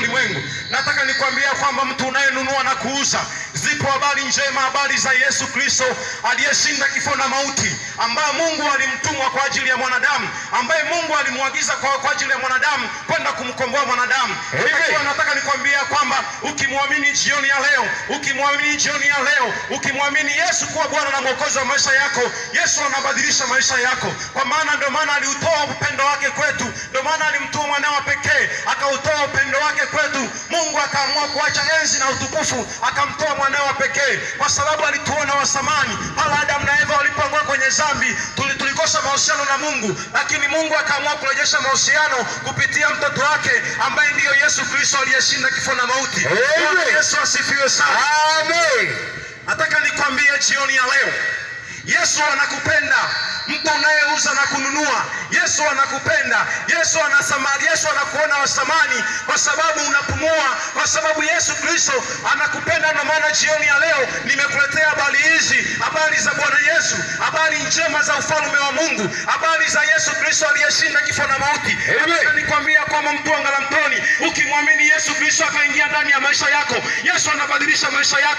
ulimwengu. Nataka nikwambia kwamba mtu unayenunua na kuuza, zipo habari njema, habari za Yesu Kristo aliyeshinda kifo na mauti, ambaye Mungu alimtumwa kwa ajili ya mwanadamu, ambaye Mungu alimwagiza kwa, kwa ajili ya mwanadamu kwenda kumkomboa mwanadamu ukimwamini jioni ya leo, ukimwamini jioni ya leo, ukimwamini Yesu kuwa Bwana na Mwokozi wa maisha yako, Yesu anabadilisha maisha yako, kwa maana ndio maana aliutoa upendo wake kwetu, ndio maana alimtuma mwanawe pekee, akautoa upendo wake kwetu. Mungu akaamua kuacha enzi na utukufu, akamtoa mwanawe pekee, kwa sababu alituona wasamani. Pale Adamu na Eva walipoanguka kwenye dhambi, tulikosa mahusiano na Mungu, lakini Mungu akaamua kurejesha mahusiano kupitia mtoto wake ambaye ndiye Yesu Kristo aliyeshinda kifo na mauti. Yesu asifiwe sana. Amen. Nataka nikwambie jioni ya leo, Yesu anakupenda mtu unayeuza na kununua, Yesu anakupenda. Yesu anasamani, Yesu anakuona wa wasamani kwa sababu unapumua, kwa sababu Yesu Kristo anakupenda. Na maana jioni ya leo nimekuletea habari hizi, habari za Bwana Yesu, habari njema za ufalme wa Mungu, habari za Yesu Kristo aliyeshinda kifo na mauti. Amen. Nikwambia kwamba mtu anga ukimwamini Yesu Kristo akaingia ndani ya maisha yako, Yesu anabadilisha maisha yako.